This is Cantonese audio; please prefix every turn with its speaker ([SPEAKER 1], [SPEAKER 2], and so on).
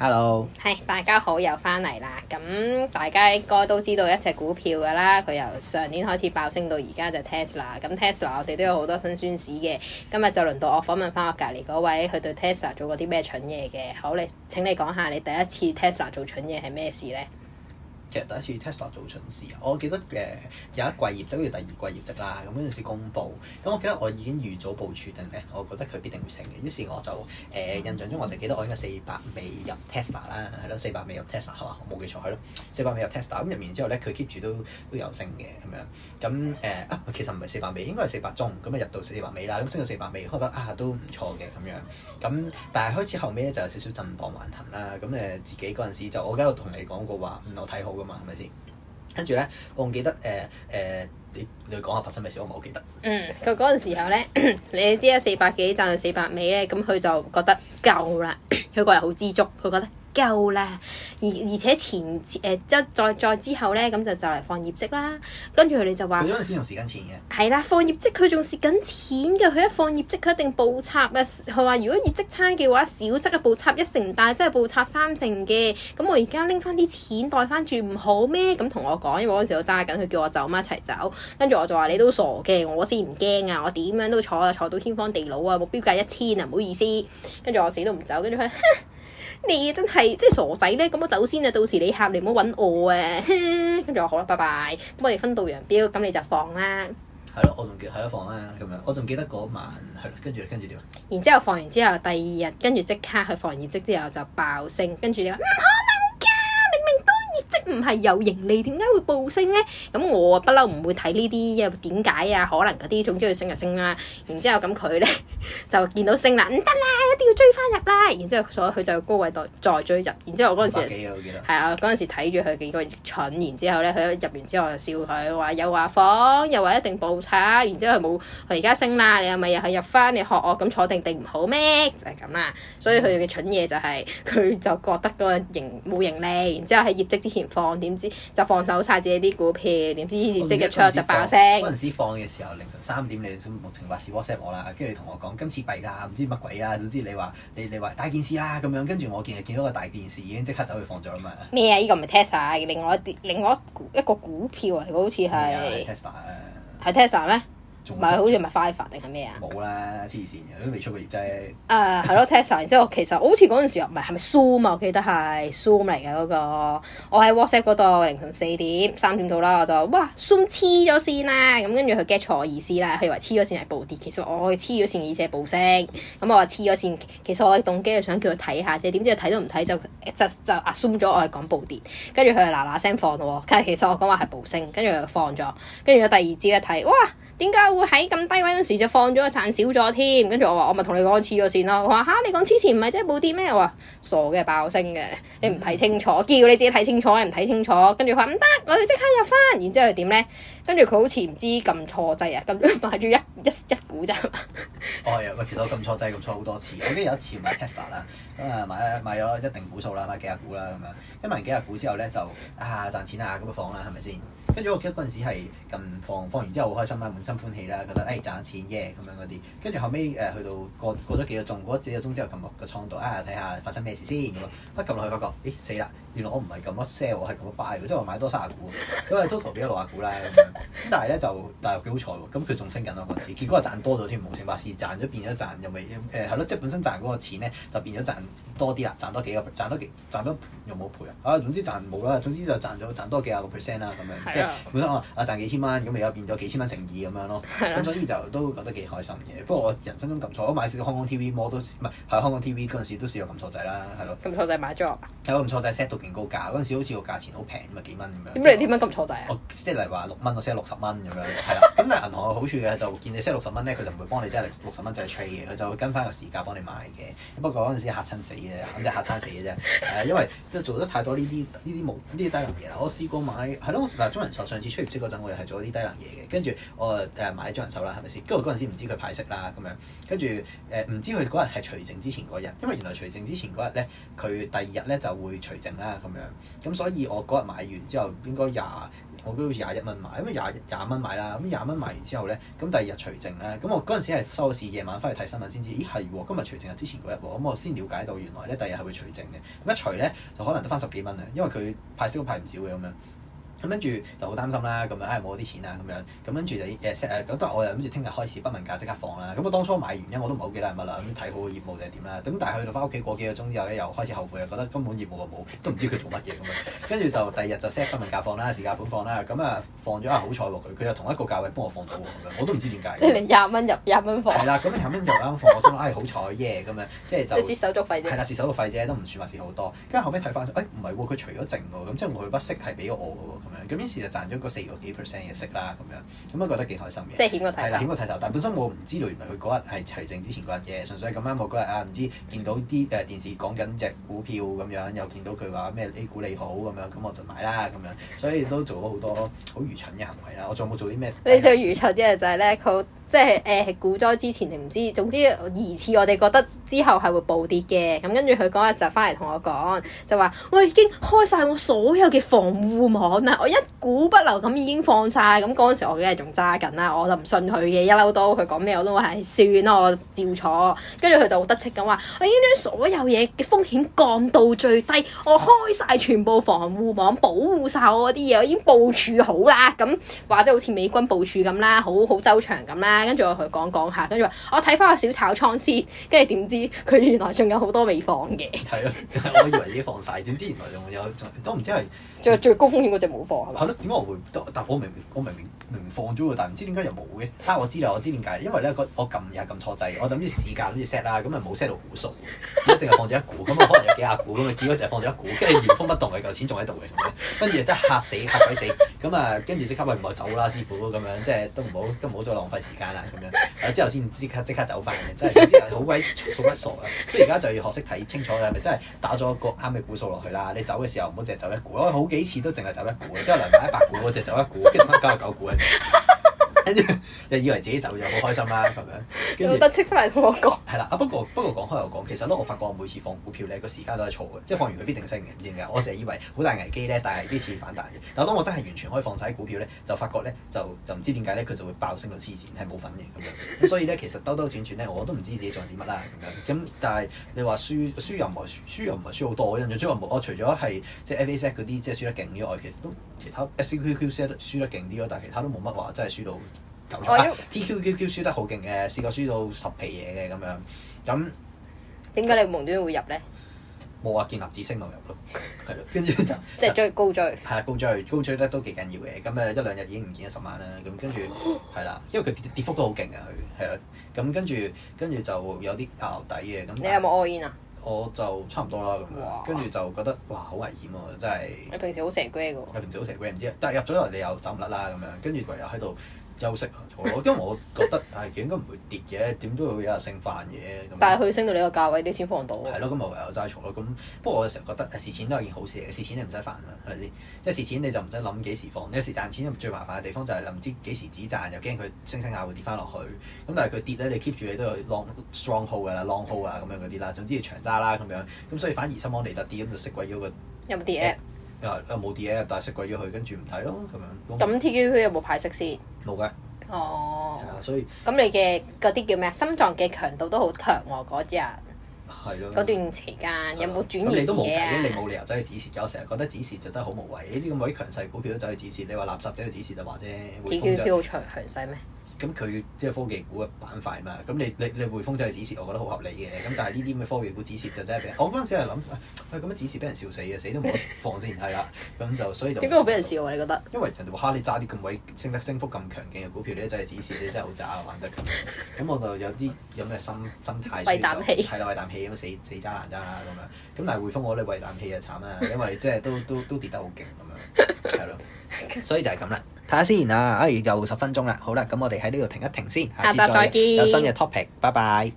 [SPEAKER 1] Hello，係、hey, 大家好，又翻嚟啦。咁大家應該都知道一隻股票㗎啦，佢由上年開始爆升到而家就 Tesla。咁 Tesla 我哋都有好多新鮮事嘅，今日就輪到我訪問翻我隔離嗰位，佢對 Tesla 做過啲咩蠢嘢嘅。好，你請你講下你第一次 Tesla 做蠢嘢係咩事咧？
[SPEAKER 2] 其實第一次 Tesla 做蠢事，我記得誒有一季業績，好似第二季業績啦，咁嗰陣時公布，咁我記得我已經預早部署定咧，我覺得佢必定會升嘅，於是我就誒、呃、印象中我就記得我應該四百尾入 Tesla 啦，係咯四百尾入 Tesla 係嘛？我冇記錯係咯，四百尾入 Tesla，咁入完之後咧，佢 keep 住都都有升嘅咁樣，咁誒啊其實唔係四百尾，應該係四百中，咁啊入到四百尾啦，咁升到四百尾，我覺得啊都唔錯嘅咁樣，咁但係開始後尾咧就有少少震盪橫行啦，咁誒自己嗰陣時就我喺度同你講過話，我睇好係咪先？跟住咧，我唔記得誒誒，你你講下發生咩事，我唔係好記得。
[SPEAKER 1] 嗯，佢嗰陣時候咧， 你知啦，四百幾賺到四百尾咧，咁佢就覺得夠啦，佢個人好知足，佢覺得。夠啦，而而且前誒，即、呃、再再之後咧，咁就就嚟放業績啦。跟住佢哋就話：佢嗰陣時用時間錢嘅，係啦，放業績佢仲蝕緊錢嘅。佢一放業績，佢一定暴插嘅。佢話如果業績差嘅話，少則嘅暴插一成大，大則係暴插三成嘅。咁我而家拎翻啲錢袋翻住，唔好咩？咁同我講，因為嗰陣時我揸緊，佢叫我走，唔一齊走。跟住我就話你都傻嘅，我先唔驚啊！我點樣都坐啊，坐到天荒地老啊！目標價一千啊，唔好意思。跟住我死都唔走。跟住佢。你真係即係傻仔咧，咁我走先啊！到時你喊你唔好搵我啊！跟 住我好啦，拜拜。咁我哋分道揚鑣，咁你就放啦。
[SPEAKER 2] 係咯，我仲係都放啦。咁樣，我仲記得嗰晚係咯，跟住跟住點？
[SPEAKER 1] 然之後放完之後，第二日跟住即刻去放完業績之後就爆升，跟住你話唔可能噶，明明都業績唔係有盈利，點解會暴升咧？咁我不嬲唔會睇呢啲，又點解啊？可能嗰啲，總之佢升就升啦、啊。然之後咁佢咧。 就見到升啦，唔得啦，一定要追翻入啦。然之後所以佢就高位再再追入。然之後我嗰陣時係啊，嗰陣時睇住佢幾個蠢。然之後咧，佢入完之後就笑佢話又話放，又話一定暴炒。然之後佢冇，佢而家升啦，你係咪又係入翻？你學我咁坐定定唔好咩？就係咁啦。所以佢嘅蠢嘢就係、是、佢、嗯、就覺得個盈冇盈利，然之後喺業績之前放，點知就放手晒自己啲股票，點知業績一出就爆升。嗰陣時放嘅時，時候凌晨
[SPEAKER 2] 三點，你都無情白事 WhatsApp 我啦，跟住你同我講。今次弊㗎，唔知乜鬼啊！總之你話你你話大件事啦、啊、咁樣，跟住我見見到個大件事已經即刻走去放咗啊嘛！
[SPEAKER 1] 咩啊？呢、這個唔係 Tesla，另外一啲另外一一個股票嚟、啊、嘅，好似係。係 Tesla 咩？唔係好似唔係 Five 定
[SPEAKER 2] 係咩啊？冇啦，黐線嘅都
[SPEAKER 1] 未出嘅業績。誒係咯，Tesla。然之後其實我好似嗰陣時唔係係咪 Zoom 啊？我記得係 Zoom 嚟嘅嗰個。我喺 WhatsApp 嗰度凌晨四點三點到啦，我就哇 Zoom 黐咗線咧。咁跟住佢 get 錯我意思啦，佢以為黐咗線係暴跌，其實我可黐咗線，意思係暴升。咁我話黐咗線，其實我嘅動機就想叫佢睇下啫。點知佢睇都唔睇，就就就 assume 咗。我係講暴跌，跟住佢又嗱嗱聲放喎。但係其實我講話係暴升，跟住佢放咗。跟住咗第二支一睇哇～點解會喺咁低位嗰時就放咗啊，賺少咗添？跟住我話我咪同你講黐咗線咯。我話嚇你講黐線唔係即係冇啲咩？我話傻嘅，爆升嘅。你唔睇清楚，嗯、叫你自己睇清楚。你唔睇清楚，跟住佢話唔得，我哋即刻入翻。然之後點咧？跟住佢好似唔知撳錯掣啊！撳買住一一一股咋？
[SPEAKER 2] 哦、哎，又咪其實我撳錯掣撳錯好多次。我記得有一次買 Tesla 啦，咁啊買啊買咗一定股數啦，買幾廿股啦咁樣。跟埋幾廿股之後咧，就啊賺錢啊咁放啦，係咪先？跟住我記得嗰陣時係撳放，放完之後好開心啦。心歡喜啦，覺得誒、哎、賺錢耶咁樣嗰啲，跟住後尾誒、呃、去到過過咗幾個鐘，過咗幾個鐘之後撳落個倉度啊，睇下發生咩事先，咁啊撳落去發覺，咦死啦！原來我唔係撳咗 sell，我係撳咗 buy，即係我買多三十股，因啊都 total 咗六十股啦咁樣。咁但係咧就大係幾好彩喎，咁佢仲升緊啊、那個市，結果係賺多咗添，無情百事賺咗變咗賺，又未。誒係咯？即係本身賺嗰個錢咧，就變咗賺。多啲啦，賺多幾個賺多幾賺多,賺多有冇賠啊？啊，總之賺冇啦，總之就賺咗賺多幾廿個 percent 啦，咁樣的即係本身我話啊賺幾千蚊，咁咪又變咗幾千蚊乘二咁樣咯。咁的所以就都覺得幾開心嘅。不過我人生中撳錯，我買少香港 TV 摩都唔係係香港 TV 嗰陣時都試過撳錯仔啦，係咯。撳錯仔買咗，係啊撳錯仔 set 到勁高價，嗰陣時好似個價錢好平咁啊幾蚊咁樣。點解
[SPEAKER 1] 你點解
[SPEAKER 2] 撳錯仔啊？我即係例如話六蚊，我 set 六十蚊咁樣，係啦。 咁但係銀行嘅好處嘅就見你 set 六十蚊咧，佢就唔會幫你即係六十蚊就係 trade 嘅，佢就會跟翻個市價幫你買嘅。不過嗰陣時嚇親嘅咁就嚇親死嘅啫，誒、啊，因為即係做得太多呢啲呢啲冇呢啲低能嘢啦。我試過買係咯，嗱中人壽上次出業績嗰陣，我又係做啲低能嘢嘅。跟住我誒買中人壽啦，係咪先？跟住嗰陣時唔知佢派息啦，咁樣跟住誒唔知佢嗰日係除淨之前嗰日，因為原來除淨之前嗰日咧，佢第二日咧就會除淨啦，咁樣，咁所以我嗰日買完之後應該廿。我都好似廿一蚊買，咁廿廿蚊買啦，咁廿蚊買完之後咧，咁第二日除淨啦，咁我嗰陣時係收市夜晚翻去睇新聞先知，咦係，今日除淨係之前嗰日喎，咁我先了解到原來咧第二日係會除淨嘅，咁一除咧就可能得翻十幾蚊啦，因為佢派息都派唔少嘅咁樣。咁跟住就好擔心啦，咁樣唉冇啲錢啊，咁樣，咁跟住就 set 誒，咁都我又諗住聽日開始不問價即刻放啦。咁我當初買原因我都唔係好記得乜啦，咁睇好個業務定係點啦。咁但係去到翻屋企過幾個鐘之後咧，又開始後悔，又覺得根本業務又冇，都唔知佢做乜嘢咁樣。跟住就第二日就 set 不問價放啦，市價盤放啦。咁啊放咗啊好彩喎，佢佢又同一個價位幫我放到喎，我都唔知點解。即係
[SPEAKER 1] 你廿蚊入，
[SPEAKER 2] 廿蚊放。係啦， 咁廿蚊就啱放，我心諗唉好彩 y、yeah，咁樣，
[SPEAKER 1] 樣，即係就。
[SPEAKER 2] 手續費啫。係啦，啲手續費啫，都唔算話蝕好多。跟住後尾睇翻，誒唔係喎，不咁於、嗯、是就賺咗嗰四個幾 percent 嘅息啦，咁樣，咁啊樣 覺得幾開心嘅。即係
[SPEAKER 1] 險過剃啦，險過剃頭。 但係
[SPEAKER 2] 本身我唔知、， 啊、知道，原來佢嗰日係齊正之前嗰日嘢，純粹係咁啱我嗰日啊，唔知見到啲誒、呃、電視講緊隻股票咁樣，又見到佢話咩 A 股利好咁樣，咁我就買啦咁樣。所以都做咗好多好愚蠢嘅行為啦。我仲有冇做啲咩？你
[SPEAKER 1] 最愚蠢啲嘅就係咧，佢。 即係誒股災之前定唔知，總之疑似我哋覺得之後係會暴跌嘅。咁跟住佢嗰日就翻嚟同我講，就話我已經開晒我所有嘅防護網啦，我一股不留咁已經放晒。咁嗰陣時我梗係仲揸緊啦，我就唔信佢嘅，一嬲都佢講咩我都係算咯，我照坐。跟住佢就好得戚咁話，我已經將所有嘢嘅風險降到最低，我開晒全部防護網保護晒我啲嘢，我已經部署好啦。咁話者好似美軍部署咁啦，好好周詳咁啦。跟住我佢講講下，跟住話我睇翻個小炒倉司，跟住點知佢原來仲有好多未放
[SPEAKER 2] 嘅。係咯，我以為已經放晒，點知原來仲有，有，都唔知係
[SPEAKER 1] 仲最高風險嗰隻冇放係咪？係
[SPEAKER 2] 咯，點解我會？但但我明明我明明我明，明放咗但唔知點解又冇嘅？哈！我知啦，我知點解，因為咧個我撳又撳錯掣，我諗住市價諗住 set 啦，咁咪冇 set 到股數，淨係放咗一股，咁我可能有幾啊股咯，見到就放咗一股，跟住原封不動嘅嚿，這個、錢仲喺度嘅，跟住真係嚇死嚇鬼死！ 咁啊，跟住即刻咪唔好走啦，師傅咁樣，即係都唔好，都唔好再浪費時間啦，咁樣，之後先即刻即刻走翻，真係啲人好鬼好鬼傻啊！跟而家就要學識睇清楚係咪真係打咗個啱嘅股數落去啦？你走嘅時候唔好淨係走一股，我好幾次都淨係走一股，即係連埋一百股我淨係走一股，跟住九十九股就 以為自己走就好開心啦、啊，咁樣，得
[SPEAKER 1] 戚翻嚟同我
[SPEAKER 2] 講。係啦， 啊不過不過講開又講，其實咧我發覺我每次放股票咧個時間都係錯嘅，即係放完佢必定升嘅，唔知點解。我成日以為好大危機咧，但係呢次反彈嘅。但係當我真係完全可以放晒啲股票咧，就發覺咧就就唔知點解咧佢就會爆升到黐線，係冇份嘅咁樣。所以咧其實兜兜轉轉咧我都唔知自己做緊啲乜啦咁樣。咁但係你話輸輸又唔係輸，輸又唔係輸好多。我印象中我除咗係即係 FAZ 嗰啲即係輸得勁以外，其實都。其他 SQQQ 輸得輸得勁啲咯，但係其他都冇乜話真係輸到九隻啦。TQQQ 輸得好勁嘅，試過輸到十皮嘢嘅咁樣。咁
[SPEAKER 1] 點解你無端端會入咧？
[SPEAKER 2] 冇啊，建立止升浪入咯，係咯，跟住就即係追高追係啊，高追高追得都幾緊要嘅。咁誒一兩日已經唔見咗十萬啦，咁跟住係啦，因為佢跌幅都好勁啊，佢係啦。咁跟住跟住就有啲抄底嘅。咁你有冇 all in 呢？我就差唔多啦，咁跟住就覺得哇，好危險喎、啊，真係。你平時好蛇龜喎。平時好蛇龜，唔知，但係入咗嚟你又走唔甩啦，咁樣，跟住唯有喺度。休息啊，坐咯，因為我覺得係佢 應該唔會跌嘅，點都會有人升飯嘅。但係佢
[SPEAKER 1] 升到你個價位，啲錢放度
[SPEAKER 2] 啊。係咯，咁咪唯有齋嘈咯。咁不過我成日覺得誒蝕錢都係件好事嚟，蝕錢你唔使煩啦，係咪先？一蝕錢你就唔使諗幾時放，有時賺錢最麻煩嘅地方就係你唔知幾時止賺，又驚佢升升下會跌翻落去。咁但係佢跌咧，你 keep 住你都有 long strong hold 嘅啦，long hold 啊咁樣嗰啲啦，總之要長揸啦咁樣。咁所以反而心安理得啲，咁就識鬼咗個。有冇跌？冇啲嘢，app，但係蝕鬼咗佢，跟住唔睇咯，咁樣。咁
[SPEAKER 1] TQQ 有冇排蝕
[SPEAKER 2] 先？冇嘅。哦、oh, 啊。所以
[SPEAKER 1] 咁你嘅嗰啲叫咩啊？心臟嘅強度都好強喎，嗰日。係咯
[SPEAKER 2] 的。嗰段
[SPEAKER 1] 期間的有冇轉移、嗯、你都冇睇，啊、你冇
[SPEAKER 2] 理由走去止蝕嘅。我成日覺得止蝕就真係好無謂。呢啲咁鬼強勢股票都走去止蝕，你話垃圾走去止蝕就話啫。TQQ 好
[SPEAKER 1] 強強勢咩？
[SPEAKER 2] 咁佢即係科技股嘅板塊嘛，咁你你你匯豐就係指示，我覺得好合理嘅。咁但係呢啲咁嘅科技股指示就真係俾人， 我嗰陣時係諗，喂咁樣指示俾人笑死嘅，死都唔好放先係啦。咁 就所以就點解會俾人笑你覺得？因為人哋話，吓你揸啲咁位升得升幅咁強勁嘅股票，你都真係指示，你真係好渣玩得咁樣。咁我就有啲有咩心心態？畏膽氣係啦，畏膽氣咁死死揸爛揸啦咁樣。咁但係匯豐我覺得畏膽氣就慘啦，因為即係都 都都都跌得好勁咁樣，係咯，所以就係咁啦。睇下先啊，哎，又十分鐘啦，好啦，咁、嗯、我哋喺呢度停一停先，下次再見有新嘅 topic，拜拜。